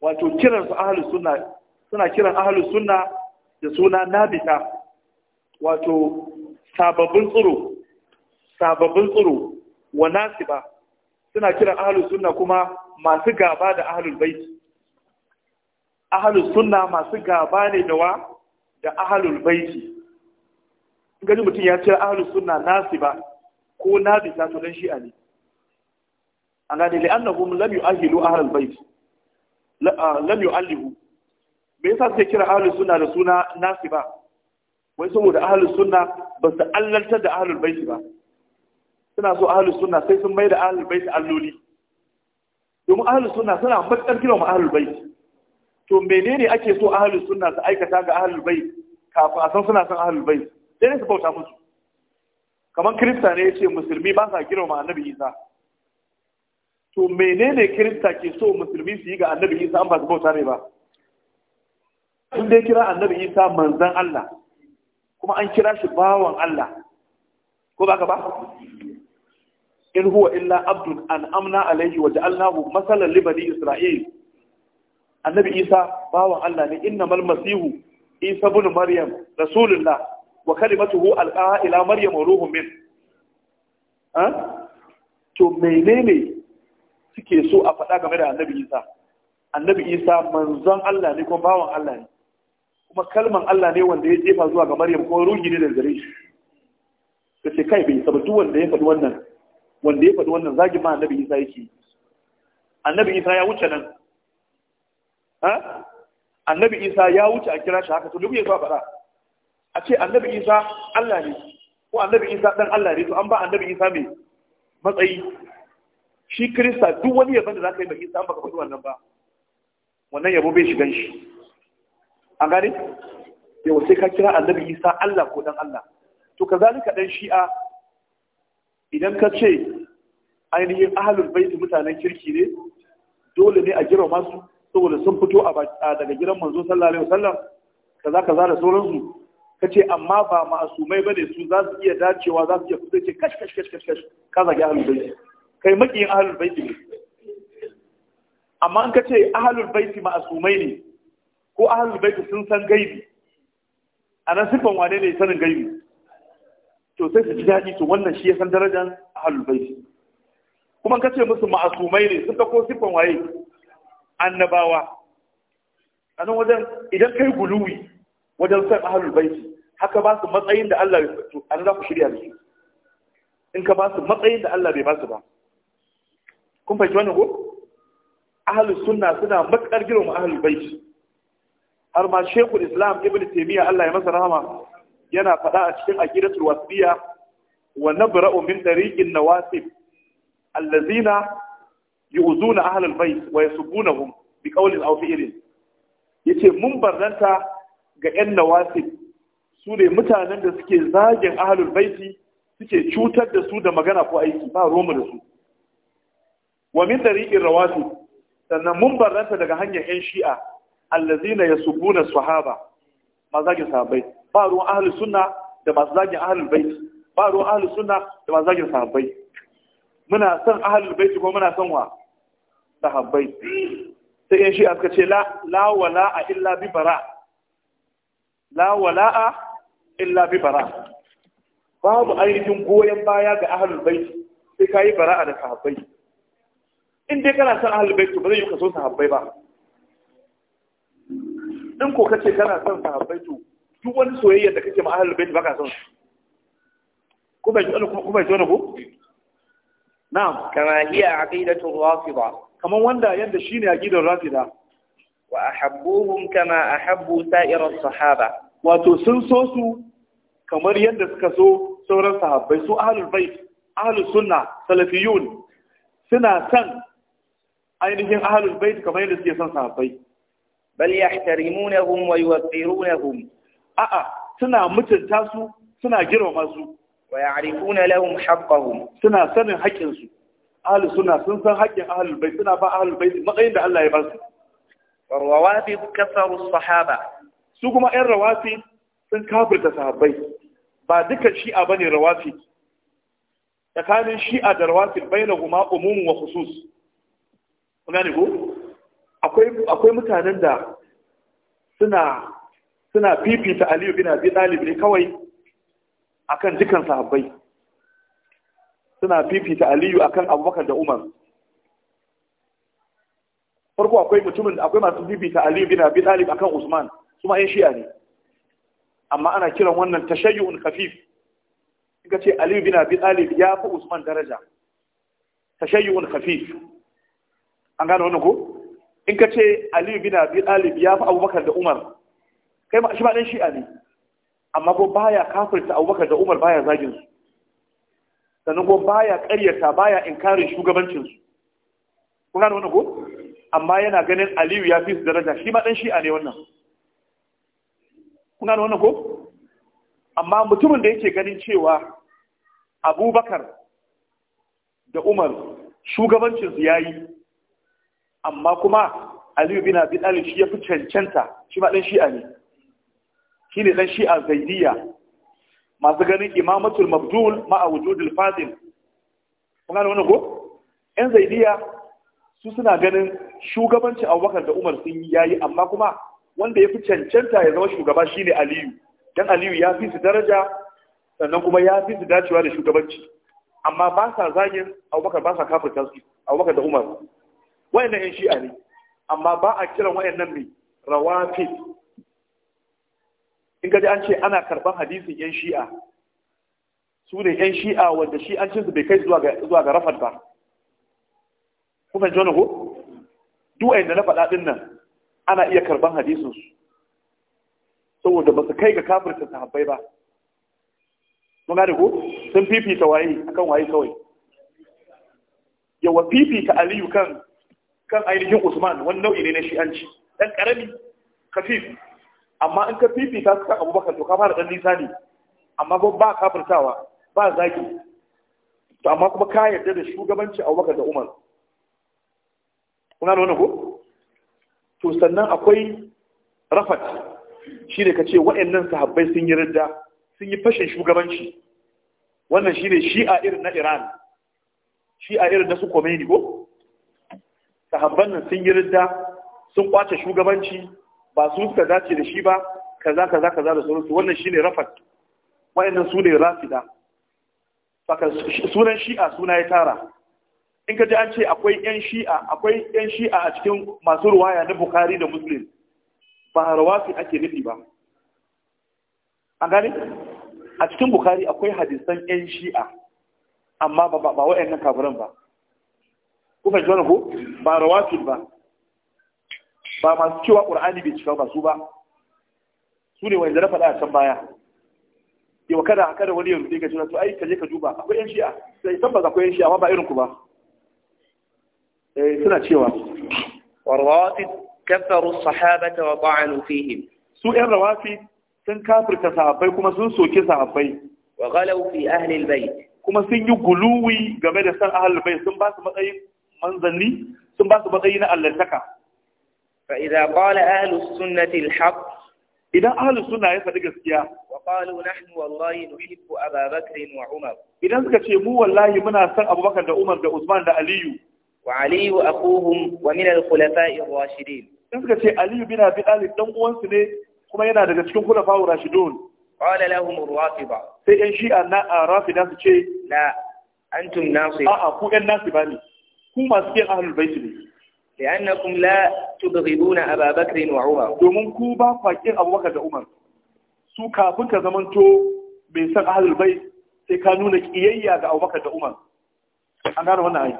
وتكرر أهل السنة سنة كرر أهل السنة يسونا نابتة wato sababbin tsiro sababbin tsiro وناصبة سنة suna أهل السنة كما ما masu بعد أهل البيت أهل السنة ما masu بعد ne da ahalul baiti gani mutum ya ce ahalul sunna nasiba ko nabita to dan a ne an gane li annahum lam yu'ahilu ahlul baiti lam yu'allihu me yasa sai kira ahlus sunna da suna nasiba wai saboda ahlus sunna ba su allantar da ahlul baiti ba suna so ahlus sunna sai sun mai da ahlul baiti alloli domin ahlus sunna suna matsar kira mu ahlul baiti to menene ake so ahlus sunna su aikata ga ahlul bait kafin a san suna san ahlul bait sai ne su bauta musu kamar kirista ne ya ce musulmi ba sa girma annabi isa to menene kirista ke so musulmi su yi ga annabi isa an ba su bauta ne ba sun dai kira annabi isa manzan allah kuma an kira shi bawan allah ko ba ka ba in huwa illa abdun an amna alaihi wa ja'alnahu masalan li bani isra'il annabi isa bawan Allah ne inna mal masihu isa ibn maryam rasulullah wa kalimatuhu alqa ila maryam wa ruhun min to menene suke so a faɗa game da annabi isa annabi isa manzon Allah ne ko bawan Allah ne kuma kalman Allah ne wanda ya jefa zuwa ga maryam ko ruhi ne daga gare shi kace kai bai sabatu wanda ya faɗi wannan wanda ya faɗi wannan zagi ma annabi isa yake annabi isa ya wuce nan annabi isa ya wuce a kira shi haka to dubu ya zuwa fara a ce annabi isa allah ne ko annabi isa dan allah ne to an ba annabi isa mai matsayi shi kirista duk wani yabon da za ka yi mai isa an baka faɗi wannan ba wannan yabo bai shigan shi an gane yau sai ka kira annabi isa allah ko dan allah to kazalika dan shi'a idan ka ce ainihin ahalul baiti mutanen kirki ne dole ne a girma masu saboda sun fito a daga gidan manzo sallallahu alaihi wasallam kaza kaza da sauransu kace amma ba ma'asumai bane su za su iya dacewa za su iya fito ce kash kash kash kash kash ka zagi ahlul bait kai makiyin ahlul bait ne amma an kace ahlul bait ma'asumai ne ko ahlul bait sun san gaibi ana sifan wane ne sanin gaibi to sai su ji daɗi to wannan shi ya san darajar ahlul bait kuma kace musu ma'asumai ne sun ko sifan waye annabawa a nan wajen idan kai guluwi wajen san ahalul baiti haka ba su matsayin da Allah bai fito an za ku shirya da su in ka ba su matsayin da Allah bai ba su ba kun fahimci wannan ko ahalus sunna suna matsar girma ahalul baiti har ma shekul islam ibn taymiya Allah ya masa rahama yana faɗa a cikin aqidatul wasiyya wa nabra'u min tariqin nawasib allazina yu'zuna ahlul bayt wa yasubunahum bi aw fi'lin yace mun barranta ga yan nawasib su ne mutanen da suke zagin ahlul bayt suke cutar da su da magana ko aiki ba roma da su wa min tariqir rawatib sannan mun barranta daga hanyar ƴan shi'a allazina yasubuna sahaba ba zagin sahabbai ba ruwan ahlus sunna da masu zagin ahlul bayt ba ruwan ahlus sunna da masu zagin sahabbai muna son ahlul bayt ko muna son wa sahabbai sai yan shi'a suka ce la wala'a illa bi bara la wala'a illa bi bara babu ainihin goyon baya ga ahlul bait sai kayi bara'a da sahabbai in dai kana son ahlul bait to ba zai yi kaso sahabbai ba in ko kace kana son sahabbai to duk wani soyayya da kake ma ahlul ba ka son kuma ji wani kuma ji wani ko na'am kama hiya aqidatu rafida kamar wanda yadda shi ne a gidan rafida wa a ahabbuhum kama ahabbu sa'irar sahaba wato sun so su kamar yadda suka so sauran sahabbai su ahlul bait salafiyun suna son ainihin ahlul kamar yadda suke son sahabbai bal yahtarimunahum wa yuwaqqirunahum a'a suna mutunta su suna girmama su wa ya ya'rifuna lahum haqqahum suna sanin haƙƙin ahlus sunna sun san haƙƙin ahlul bait suna ba ahlul bait matsayin da Allah ya ba su rawafi kasaru sahaba su kuma ɗan rawafi sun kafirta sahabbai ba duka shi'a bane rawafi. tsakanin shi'a da rawafi bayna huma umum wa khusus kun ko akwai akwai mutanen da suna suna fifita Aliyu bin Abi Talib ne kawai akan dukan sahabbai suna fifita aliyu akan abubakar da umar farko akwai mutumin akwai masu fifita aliyu bin abi talib akan usman su ma yan shi'a ne amma ana kiran wannan tashayyu'un khafif in ka ce aliyu bin abi talib ya fi usman daraja tashayyu'un khafif an gane wannan ko in ka ce aliyu bin abi talib ya fi abubakar da umar kai ma shi ma dan shi'a ne amma ko baya kafirta abubakar da umar baya zagin su sannan ko baya karyata baya inkarin shugabancin su kun gane wannan ko amma yana ganin Aliyu ya fi su daraja shi ma dan shi'a ne wannan kun gane wannan ko amma mutumin da yake ganin cewa Abubakar da Umar shugabancin su yayi amma kuma Aliyu bin Abi shi ya fi cancanta shi ma dan shi'a ne shi ne dan shi'a Zaidiyya masu ganin imamatul mabdul ma'a wujudul fadil kun ne wannan ko yan zaidiya su suna ganin shugabanci wakar da umar sun yi yayi amma kuma wanda ya fi cancanta ya zama shugaba shine aliyu dan aliyu ya fi su daraja sannan kuma ya fi su dacewa da shugabanci amma ba sa zagin abubakar ba sa kafirta su abubakar da umar wayannan yan shi'a ne amma ba a kiran wayannan mai rawafid in gaji an ce ana karɓar hadisin yan shi'a su ne yan shi'a wanda shi an cinsu bai kai zuwa ga rafat ba kuma jona ko duwayen da na faɗa ɗin nan ana iya karɓar hadisinsu saboda ba su kai ga kafirta sahabbai ba mun gane ko sun fifita waye akan waye kawai yawa fifita aliyu kan kan ainihin usman wani nau'i ne na shi'anci ɗan ƙarami kafin. amma in ka fifita su kan abubakar to ka fara ɗan nisa ne amma ba ba kafirtawa ba zaki to amma kuma ka yarda da shugabanci abubakar da umar kuna da wani ko to sannan akwai rafat shi ne ka ce wa'annan sahabbai sun yi ridda sun yi fashin shugabanci wannan shi ne shi'a irin na iran shi'a irin na su komeni ko sahabban nan sun yi ridda sun kwace shugabanci ba su suka dace da shi ba kaza kaza kaza da sauransu wannan shine rafat wayannan su ne rafida saka sunan shi'a suna ya tara in ka ji an ce akwai yan shi'a akwai yan shi'a a cikin masu ruwaya na bukhari da muslim ba rawasi ake nufi ba an gane a cikin bukhari akwai hadisan yan shi'a amma ba ba wayannan kafiran ba ku fahimci wannan ko ba rawasi ba ba masu cewa qur'ani bai cika masu ba su ne wanda na faɗa a can baya yau kada kada wani ya rufe ka cewa to ai ka je ka duba akwai yan shi'a sai tabbas akwai yan shi'a amma ba irin ku ba eh suna cewa warwati kafaru sahabata wa ta'anu fihim su yan rawafi sun kafirta sahabbai kuma sun soke sahabbai wa ghalaw fi ahli albayt kuma sun yi guluwi game da san ahli albayt sun ba su matsayi manzanni sun ba su matsayi na allantaka fa idza qala ahlus sunnati alhaq idan ahlus sunna ya faɗi gaskiya wa qalu nahnu wallahi nuhibbu Aba Bakr wa Umar idan suka ce mu wallahi muna son Abubakar da Umar da Usman da Aliyu wa Aliyu akuhum wa min al-khulafa'i ar-rashidin in suka ce Aliyu bin Abi Talib dan uwansu ne kuma yana daga cikin khulafa'ur rashidun qala lahum ar-rafida sai ɗan shi'a na rafida su ce a'a ku ɗan nasiba ne ku masu kiyan ahlul bait ne kumla لأنكم لا a أبا بكر وعمر domin ku ba kwakin kin Abubakar da Umar su kafin ka zamanto bai san ahlul bait sai ka nuna kiyayya ga Abubakar da Umar an gane wannan ayi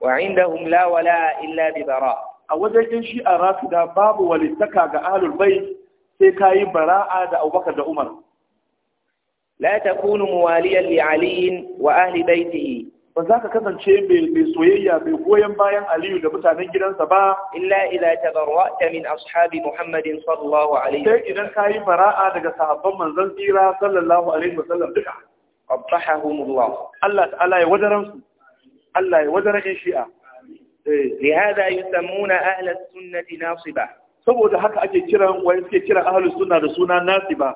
wa indahum la wala illa bi bara a wajen din shi a da babu walittaka ga ahlul bait sai ka yi bara'a da Abubakar da Umar la takunu muwaliyan li Ali wa ahli baitihi ba za ka kasance mai soyayya mai goyon bayan aliyu da mutanen gidansa ba illa idza ta min ashabi muhammadin sallallahu alaihi sai idan kayi fara'a daga sahabban manzon tsira sallallahu alaihi wasallam duka qabbahumullah Allah ta'ala ya wadaran su Allah ya wadaran in shi'a eh. lihada yusammuna ahla sunnati nasiba saboda haka ake kiran wai suke kiran ahli, sunna da suna nasiba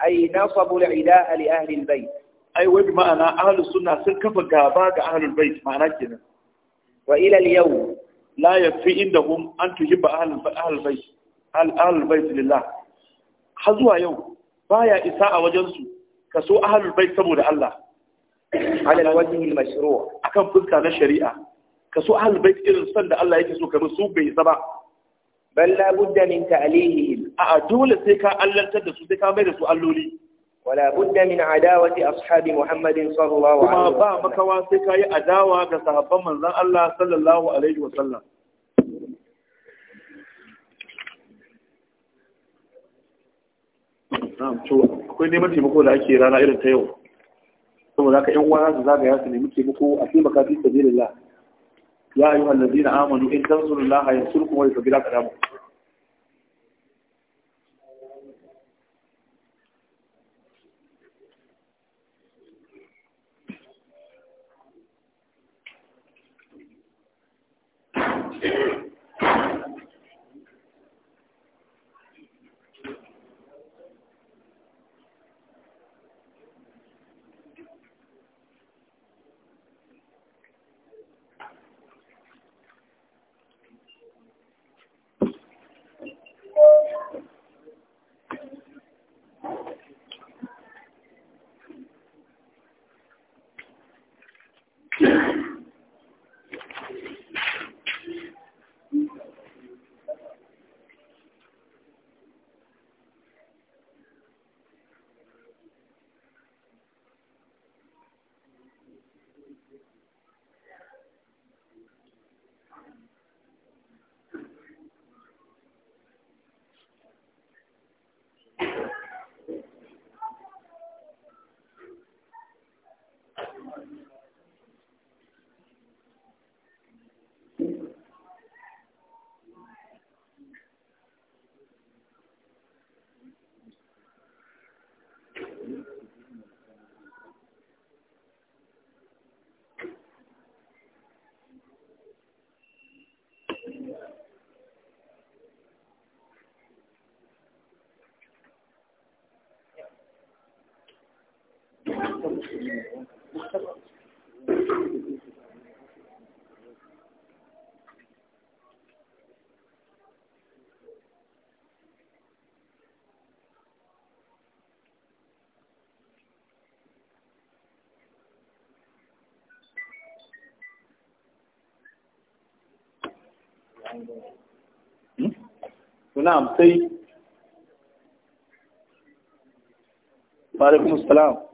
ay nasabu al-ilaha li ahli al-bayt ai wani ma'ana ahlus suna sun kafa gaba ga ahlul bait ma'ana kenan wa ila al yau. la yafi indahum an tuhibba ahlul ahlul bait ahlul bait lillah har zuwa yau baya isa a wajen su kaso ahlul bait saboda Allah ala al-wajhi al-mashru' akan fuska na shari'a kaso ahlul bait irin san da Allah yake so kamar su bai isa ba bal la budda min ta'lihihim a dole sai ka allantar da su sai ka mai da su alloli wala budda min adawati ashabi muhammadin sallallahu alaihi wasallam ba makawa sai kai adawa ga sahabban manzon Allah sallallahu alaihi wasallam to akwai neman taimako da ake rana irin ta yau saboda haka yan uwa su zagaya su nemi taimako a taimaka fi sabilillah ya ayyuhal ladina amanu in tansurullaha yansurkum wa yuthabbit aqdamakum Ibùdó ọ̀pọ̀lọpọ̀ ọ̀pọ̀lọpọ̀ ọ̀pọ̀lọpọ̀ ọ̀pọ̀lọpọ̀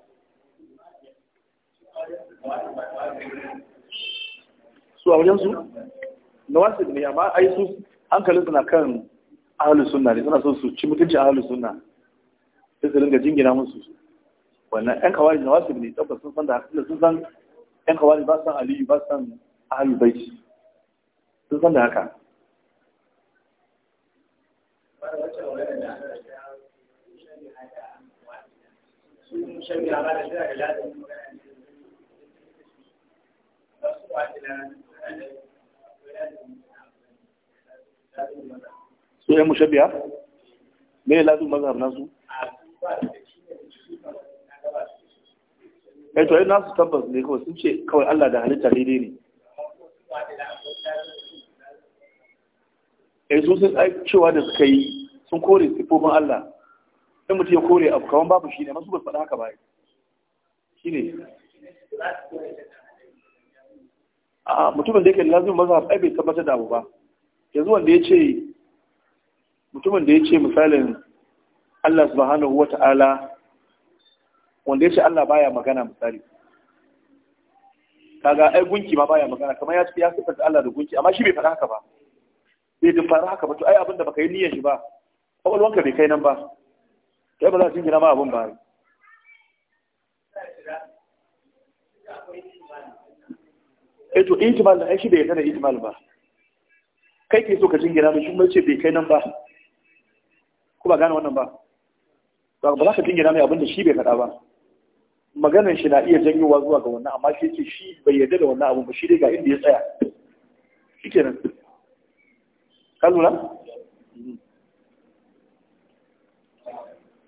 su a wajensu na wasu ne amma yi su hankalin suna kan ahalus suna. ne suna son su ci mutunci ahalus suna. sai su ringa jingina musu wannan yan kawai na wasu ne tabbas sun san da hakika sun san yan kawai ba san aliyu ba san ahalul baiti sun san da haka sun shabiya ba da shi su yan mushabiya me ya lazu mazhab nasu kai eh, to nasu tabbas ne kawai sun ce kawai Allah da halitta daidai ne eh su sun cewa da suka yi sun kore sifofin Allah in mutum ya kore abu kawan babu shi ne masu ba faɗa haka ba shi ne a mutumin da yake lazim mazhab ai bai tabbatar da abu ba yanzu wanda ya ce mutumin da ya ce misalin Allah subhanahu wa ta'ala wanda ya ce Allah baya magana misali kaga ai gunki ma baya magana kamar ya ya sifanta Allah da gunki amma shi bai fara haka ba bai dun fara haka ba to ai abin da baka yi niyyar shi ba kwakwalwanka bai kai nan ba kai ba za su yi gina ma abin ba eh to ijmal da shi bai kana ijmal ba kai ke so ka jingina mai shi mace ce bai kai nan ba ko ba gane wannan ba ba za ka jingina mai abinda shi bai faɗa ba maganar shi na iya janyowa zuwa ga wannan amma shi ce shi bai yarda da wannan abu ba shi dai ga inda ya tsaya shi kenan ka lura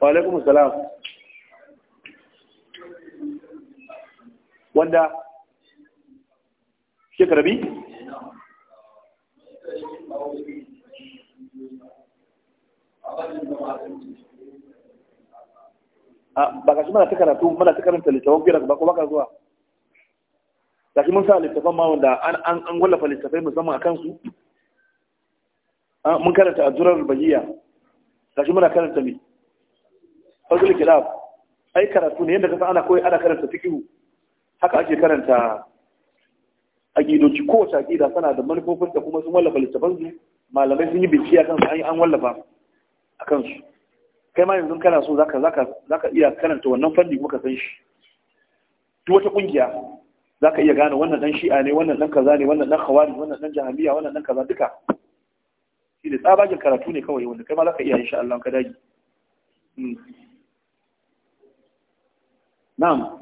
wa alaikum salam wanda shekarabi? Ah, ba ka shi mana ta karatu mana ta karanta littafin da ba kuma ka zuwa ta shi mun sa littafin ma wanda an wallafa littafai musamman a kansu ah, mun karanta a jurar bayiya ta shi mana karanta mai fazil kilab ai karatu ne yadda kasa ana koyi ana karanta fikihu haka ake karanta aƙidoci kowace aƙida tana da manufofin da kuma sun wallafa su malamai sun yi bincike a kansu an yi an wallafa a kansu kai ma yanzu kana so za ka iya karanta wannan fanni kuma ka san shi duk wata ƙungiya za ka iya gane wannan dan shi'a ne wannan dan kaza ne wannan dan khawari wannan dan jahamiya wannan dan kaza duka shi ne tsabagen karatu ne kawai wanda kai ma za ka iya insha Allah ka dage hmm. na'am